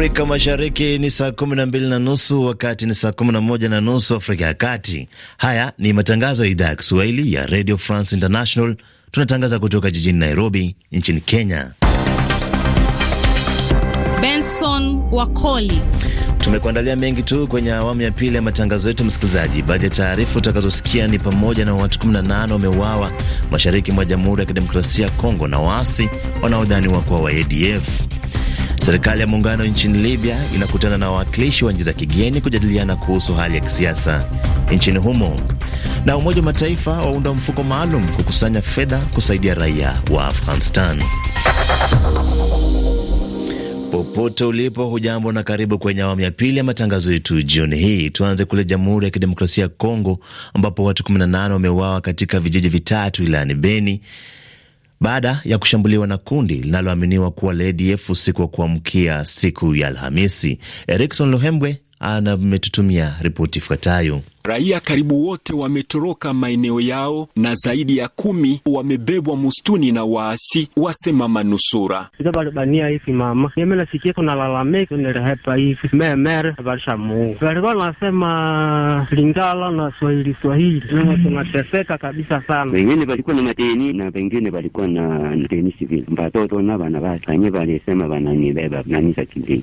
Afrika Mashariki ni saa kumi na mbili na nusu wakati ni saa kumi na moja na nusu Afrika ya Kati. Haya ni matangazo ya idhaa ya Kiswahili ya Radio France International, tunatangaza kutoka jijini Nairobi nchini Kenya. Benson Wakoli tumekuandalia mengi tu kwenye awamu ya pili ya matangazo yetu, msikilizaji. Baadhi ya taarifa utakazosikia ni pamoja na watu 18 wameuawa mashariki mwa Jamhuri ya Kidemokrasia ya Kongo na waasi wanaodhaniwa kuwa wa ADF Serikali ya muungano nchini Libya inakutana na wawakilishi wa nchi za kigeni kujadiliana kuhusu hali ya kisiasa nchini humo. Na Umoja wa Mataifa waunda mfuko maalum kukusanya fedha kusaidia raia wa Afghanistan. Popote ulipo, hujambo na karibu kwenye awamu ya pili ya matangazo yetu jioni hii. Tuanze kule Jamhuri ya Kidemokrasia ya Kongo ambapo watu 18 wameuawa katika vijiji vitatu wilayani Beni baada ya kushambuliwa na kundi linaloaminiwa kuwa la ADF usiku wa kuamkia siku ya Alhamisi. Erikson Luhembwe ametutumia ripoti ifuatayo. Raia karibu wote wametoroka maeneo yao na zaidi ya kumi wamebebwa mustuni na waasi wasema manusura nasema Lingala na Swahili kabisa sana. Wengine walikuwa na madeni na wengine walikuwa na deni civil, watoto na vasi vanye valisema vananibeba nanisa kivili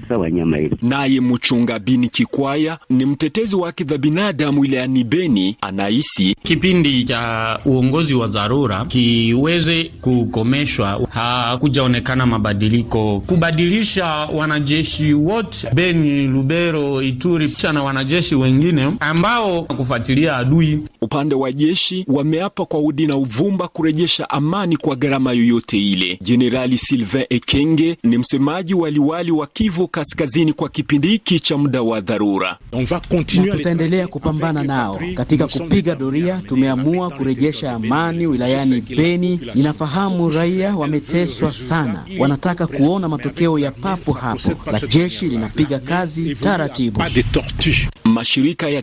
sasa wanyama Naye Mchunga Bini Kikwaya ni mtetezi wa haki binadamu wilayani Beni anahisi kipindi cha uongozi wa dharura kiweze kukomeshwa, hakujaonekana mabadiliko. Kubadilisha wanajeshi wote Beni, Lubero, Ituri na wanajeshi wengine ambao kufuatilia adui Upande wa jeshi wameapa kwa udi na uvumba kurejesha amani kwa gharama yoyote ile. Jenerali Sylvain Ekenge ni msemaji wa liwali wa Kivu Kaskazini kwa kipindi hiki cha muda wa dharura. Tutaendelea kupambana nao katika kupiga doria. Tumeamua kurejesha amani wilayani Beni. Ninafahamu raia wameteswa sana, wanataka kuona matokeo ya papo hapo, la jeshi linapiga kazi taratibu. Mashirika ya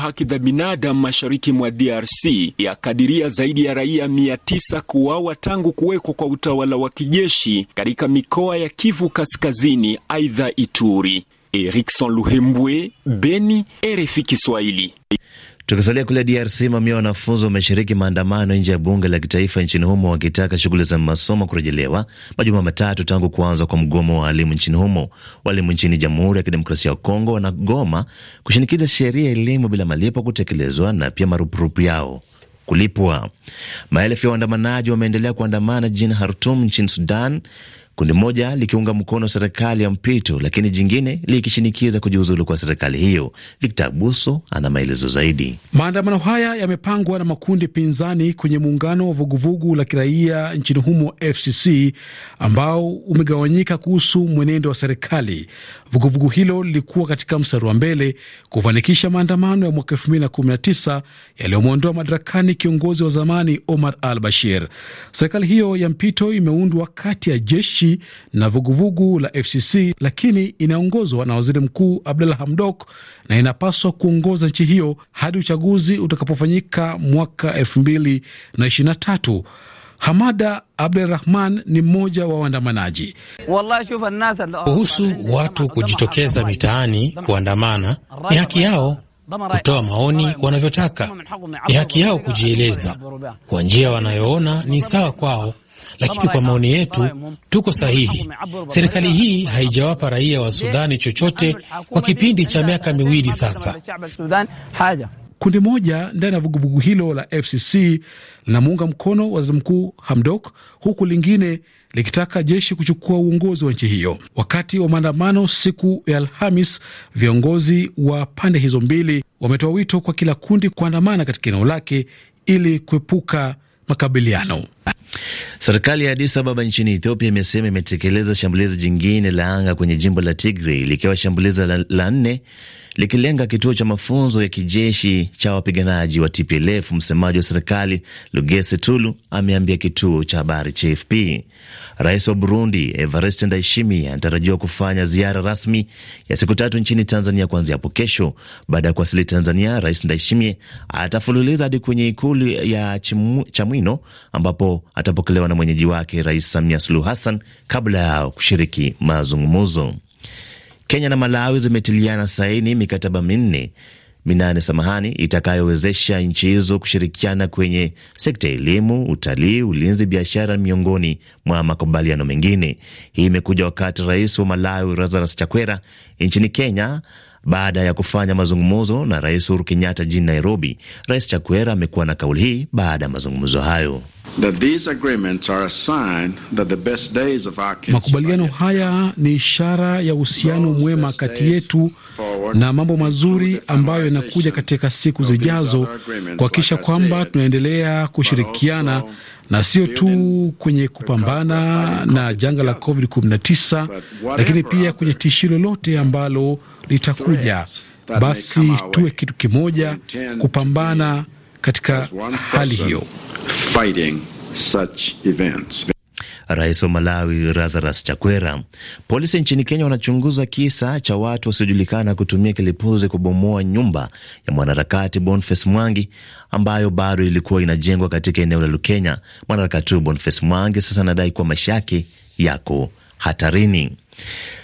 haki za binadamu mashariki mwa DRC yakadiria zaidi ya raia mia tisa kuawa tangu kuwekwa kwa utawala wa kijeshi katika mikoa ya Kivu Kaskazini, aidha Ituri. Erikson Luhembwe, Beni, RFI Kiswahili. Tukisalia kule DRC, mamia wanafunzi wameshiriki maandamano nje ya bunge la kitaifa nchini humo wakitaka shughuli za masomo kurejelewa, majuma matatu tangu kuanza kwa mgomo wa walimu nchini humo. Walimu nchini Jamhuri ya Kidemokrasia ya Kongo wanagoma kushinikiza sheria ya elimu bila malipo kutekelezwa na pia marupurupu yao kulipwa. Maelfu ya waandamanaji wameendelea kuandamana jijini Khartoum nchini Sudan kundi moja likiunga mkono serikali ya mpito, lakini jingine likishinikiza kujiuzulu kwa serikali hiyo. Victor Buso ana maelezo zaidi. Maandamano haya yamepangwa na makundi pinzani kwenye muungano wa vuguvugu la kiraia nchini humo FCC, ambao umegawanyika kuhusu mwenendo wa serikali. Vuguvugu hilo lilikuwa katika mstari wa mbele kufanikisha maandamano ya mwaka 2019 yaliyomwondoa madarakani kiongozi wa zamani Omar al Bashir. Serikali hiyo ya mpito imeundwa kati ya jeshi nchi na vuguvugu vugu la FCC, lakini inaongozwa na waziri mkuu Abdalla Hamdok na inapaswa kuongoza nchi hiyo hadi uchaguzi utakapofanyika mwaka 2023. Hamada Abdurahman ni mmoja wa waandamanaji. Kuhusu watu kujitokeza mitaani kuandamana, ni haki yao kutoa maoni wanavyotaka, ni haki yao kujieleza kwa njia wanayoona ni sawa kwao, lakini kwa maoni yetu tuko sahihi. Serikali hii haijawapa raia wa Sudani chochote kwa kipindi cha miaka miwili sasa. Kundi moja ndani ya vuguvugu hilo la FCC linamuunga mkono waziri mkuu Hamdok, huku lingine likitaka jeshi kuchukua uongozi wa nchi hiyo. Wakati wa maandamano siku ya Alhamis, viongozi wa pande hizo mbili wametoa wito kwa kila kundi kuandamana katika eneo lake ili kuepuka makabiliano. Serikali ya Addis Ababa nchini Ethiopia imesema imetekeleza shambulizi jingine la anga kwenye jimbo la Tigray likiwa shambulizi la nne likilenga kituo cha mafunzo ya kijeshi cha wapiganaji wa TPLF. Msemaji wa serikali Lugese Tulu ameambia kituo cha habari cha AFP. Rais wa Burundi Evariste Ndayishimiye anatarajiwa kufanya ziara rasmi ya siku tatu nchini Tanzania kuanzia hapo kesho. Baada ya kuwasili Tanzania, Rais Ndayishimiye atafululiza hadi kwenye ikulu ya Chamwino ambapo atapokelewa na mwenyeji wake Rais Samia Suluhu Hassan kabla ya kushiriki mazungumzo. Kenya na Malawi zimetiliana saini mikataba minne minane samahani, itakayowezesha nchi hizo kushirikiana kwenye sekta ya elimu, utalii, ulinzi, biashara, miongoni mwa makubaliano mengine. Hii imekuja wakati rais wa Malawi Lazarus Chakwera nchini Kenya baada ya kufanya mazungumzo na Rais Uhuru Kenyatta jijini Nairobi, Rais Chakwera amekuwa na kauli hii baada ya mazungumzo hayo. Makubaliano haya ni ishara ya uhusiano mwema kati yetu na mambo mazuri ambayo yanakuja katika siku zijazo, kuhakikisha kwamba tunaendelea kushirikiana na sio tu kwenye kupambana na janga la COVID-19, lakini pia kwenye tishio lolote ambalo litakuja, basi tuwe kitu kimoja kupambana katika hali hiyo. Rais wa Malawi Lazarus Chakwera. Polisi nchini Kenya wanachunguza kisa cha watu wasiojulikana kutumia kilipuzi kubomoa nyumba ya mwanaharakati Boniface Mwangi ambayo bado ilikuwa inajengwa katika eneo la Lukenya. Mwanaharakati huyo Boniface Mwangi sasa anadai kuwa maisha yake yako hatarini.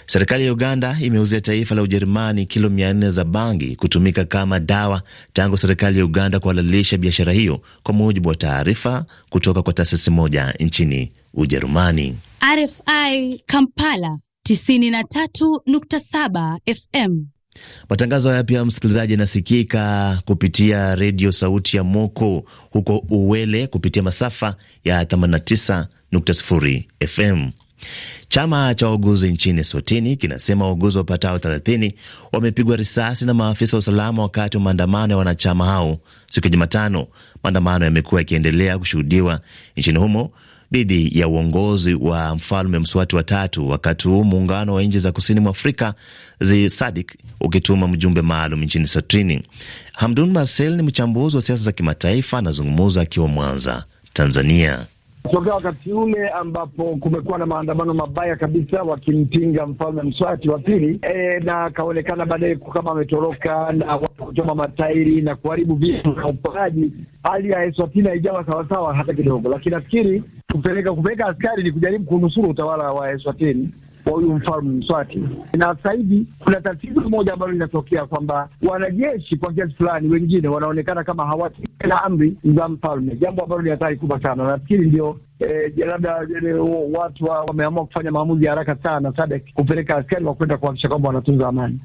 Serikali ya Uganda imeuzia taifa la Ujerumani kilo mia nne za bangi kutumika kama dawa tangu serikali ya Uganda kuhalalisha biashara hiyo, kwa mujibu wa taarifa kutoka kwa taasisi moja nchini Ujerumani. RFI Kampala 93.7 FM. Matangazo haya pia msikilizaji, yanasikika kupitia redio Sauti ya Moko huko Uwele kupitia masafa ya 89.0 FM. Chama cha wauguzi nchini Swatini kinasema wauguzi wapatao 30 wamepigwa risasi na maafisa wa usalama wakati wa maandamano ya wanachama hao siku ya Jumatano. Maandamano yamekuwa yakiendelea kushuhudiwa nchini humo dhidi ya uongozi wa mfalme Mswati wa tatu, wakati huu muungano wa nchi za kusini mwa Afrika zi ukituma mjumbe maalum nchini Swatini. Hamdun Marcel ni mchambuzi wa siasa za kimataifa, anazungumuza akiwa Mwanza, Tanzania tokea wakati ule ambapo kumekuwa na maandamano mabaya kabisa wakimpinga mfalme Mswati wa pili e, na akaonekana baadaye kama ametoroka na watu kuchoma matairi na kuharibu vitu na uporaji. Hali ya Eswatini haijawa sawasawa hata kidogo, lakini nafikiri kupeleka kupeleka askari ni kujaribu kunusuru utawala wa Eswatini wa huyu mfalme Mswati. Na sasa hivi kuna tatizo moja ambalo linatokea kwamba wanajeshi kwa kiasi fulani wengine wanaonekana kama hawatii na amri za mfalme, jambo ambalo ni hatari kubwa sana. Nafikiri ndio E, labda eh, watu wameamua kufanya maamuzi ya haraka sana SADC kupeleka askari wa kwenda kuhakikisha kwamba wanatunza amani.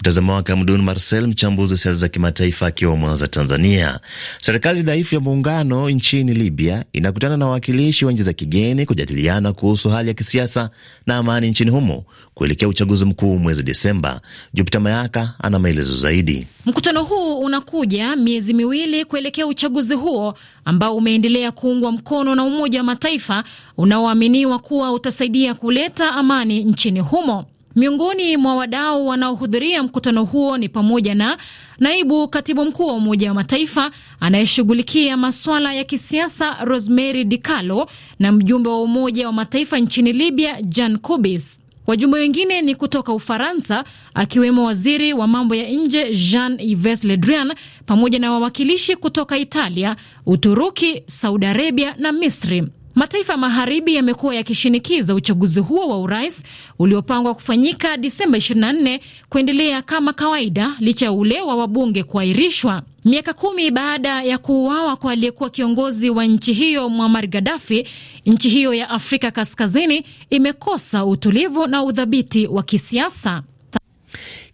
Mtazamo wake Amdun Marcel, mchambuzi wa siasa za kimataifa akiwa Mwanza, Tanzania. Serikali dhaifu ya muungano nchini Libya inakutana na wawakilishi wa nchi za kigeni kujadiliana kuhusu hali ya kisiasa na amani nchini humo kuelekea uchaguzi mkuu mwezi Desemba. Jupita Mayaka ana maelezo zaidi. Mkutano huu unakuja miezi miwili kuelekea uchaguzi huo ambao umeendelea kuungwa mkono na Umoja wa Mataifa unaoaminiwa kuwa utasaidia kuleta amani nchini humo. Miongoni mwa wadau wanaohudhuria mkutano huo ni pamoja na naibu katibu mkuu wa Umoja wa Mataifa anayeshughulikia masuala ya kisiasa Rosemary DiCarlo na mjumbe wa Umoja wa Mataifa nchini Libya Jan Kubis. Wajumbe wengine ni kutoka Ufaransa, akiwemo waziri wa mambo ya nje Jean Yves Le Drian, pamoja na wawakilishi kutoka Italia, Uturuki, Saudi Arabia na Misri. Mataifa ya magharibi yamekuwa yakishinikiza uchaguzi huo wa urais uliopangwa kufanyika Disemba 24 kuendelea kama kawaida licha ya ule wa wabunge kuahirishwa. Miaka kumi baada ya kuuawa kwa aliyekuwa kiongozi wa nchi hiyo Muammar Gaddafi, nchi hiyo ya Afrika Kaskazini imekosa utulivu na udhabiti wa kisiasa.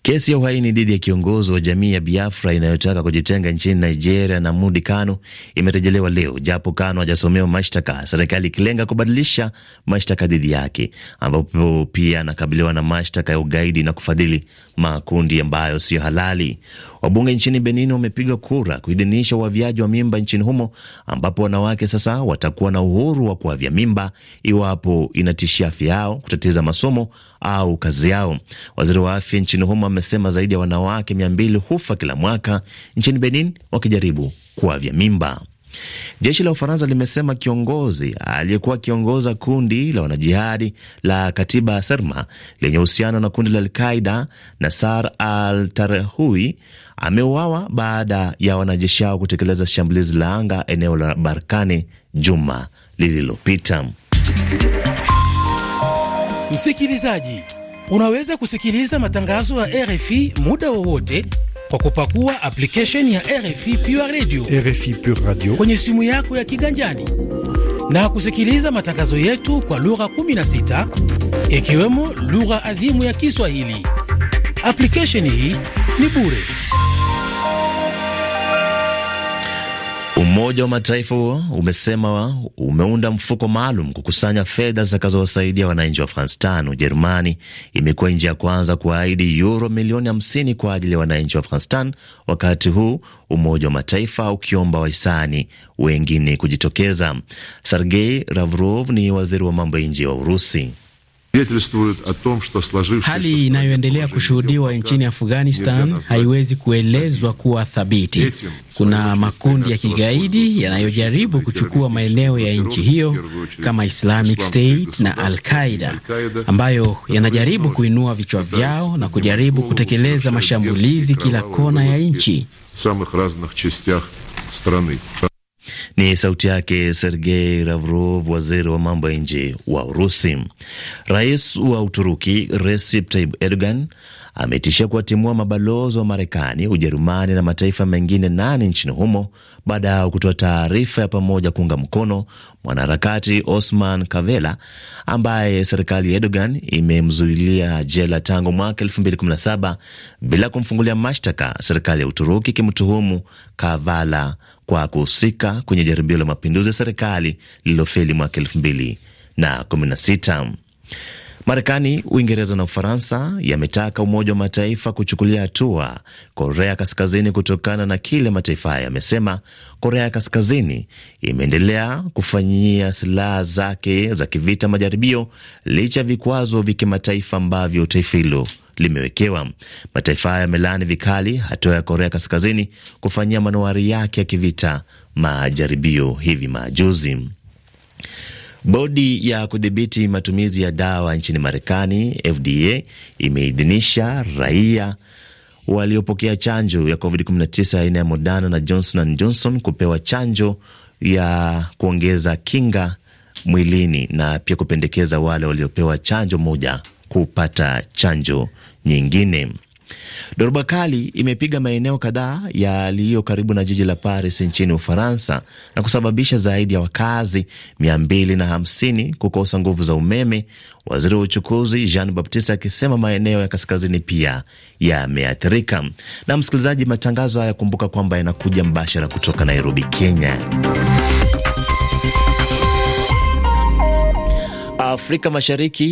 Kesi ya uhaini dhidi ya kiongozi wa jamii ya Biafra inayotaka kujitenga nchini Nigeria na Mudi Kano imerejelewa leo, japo Kano hajasomewa mashtaka, serikali ikilenga kubadilisha mashtaka dhidi yake, ambapo pia anakabiliwa na mashtaka ya ugaidi na kufadhili makundi ambayo siyo halali. Wabunge nchini Benin wamepiga kura kuidhinisha uavyaji wa mimba nchini humo, ambapo wanawake sasa watakuwa na uhuru wa kuavya mimba iwapo inatishia afya yao, kutatiza masomo au kazi yao. Waziri wa afya nchini humo amesema zaidi ya wanawake mia mbili hufa kila mwaka nchini Benin wakijaribu kuavya mimba. Jeshi la Ufaransa limesema kiongozi aliyekuwa akiongoza kundi la wanajihadi la Katiba Serma lenye uhusiano na kundi la Alqaida Nasar al Tarahui ameuawa baada ya wanajeshi hao kutekeleza shambulizi la anga eneo la Barkani juma lililopita. Msikilizaji, unaweza kusikiliza matangazo ya RFI muda wowote kwa kupakua application ya RFI Pure Radio, RFI Pure Radio kwenye simu yako ya kiganjani na kusikiliza matangazo yetu kwa lugha 16 ikiwemo lugha adhimu ya Kiswahili. Application hii ni bure. Umoja wa Mataifa huo umesema umeunda mfuko maalum kukusanya fedha zitakazowasaidia wananchi wa Afghanistan. Ujerumani imekuwa nchi ya kwanza kuahidi yuro milioni hamsini kwa ajili ya wananchi wa Afghanistan, wakati huu Umoja wa Mataifa ukiomba wahisani wengine kujitokeza. Sergei Lavrov ni waziri wa mambo ya nje wa Urusi. Hali inayoendelea kushuhudiwa nchini Afghanistan haiwezi kuelezwa kuwa thabiti. Kuna makundi ya kigaidi yanayojaribu kuchukua maeneo ya nchi hiyo kama Islamic State na Al-Qaida ambayo yanajaribu kuinua vichwa vyao na kujaribu kutekeleza mashambulizi kila kona ya nchi. Ni sauti yake Sergei Lavrov, waziri wa mambo ya nje wa Urusi. Rais wa Uturuki Recep Tayyip Erdogan ametishia kuwatimua mabalozi wa Marekani, Ujerumani na mataifa mengine nane nchini humo baada ya kutoa taarifa ya pamoja kuunga mkono mwanaharakati Osman kavela ambaye serikali ya Erdogan imemzuilia jela tangu mwaka 2017 bila kumfungulia mashtaka, serikali ya Uturuki ikimtuhumu Kavala kwa kuhusika kwenye jaribio la mapinduzi ya serikali lililofeli mwaka elfu mbili na kumi na sita. Marekani, Uingereza na Ufaransa yametaka Umoja wa Mataifa kuchukulia hatua Korea Kaskazini kutokana na kile mataifa hayo yamesema Korea Kaskazini imeendelea kufanyia silaha zake za kivita majaribio licha ya vikwazo vya kimataifa ambavyo taifa hilo limewekewa. Mataifa hayo yamelaani vikali hatua ya Korea Kaskazini kufanyia manowari yake ya kivita majaribio hivi majuzi. Bodi ya kudhibiti matumizi ya dawa nchini Marekani, FDA, imeidhinisha raia waliopokea chanjo ya COVID-19 aina ya Moderna na Johnson and Johnson kupewa chanjo ya kuongeza kinga mwilini na pia kupendekeza wale waliopewa chanjo moja kupata chanjo nyingine. Dhoruba kali imepiga maeneo kadhaa yaliyo karibu na jiji la Paris nchini Ufaransa na kusababisha zaidi ya wakazi 250 kukosa nguvu za umeme, waziri wa uchukuzi Jean Baptiste akisema maeneo ya kaskazini pia yameathirika. Na msikilizaji, matangazo haya kumbuka kwamba yanakuja mbashara kutoka Nairobi, Kenya. Afrika Mashariki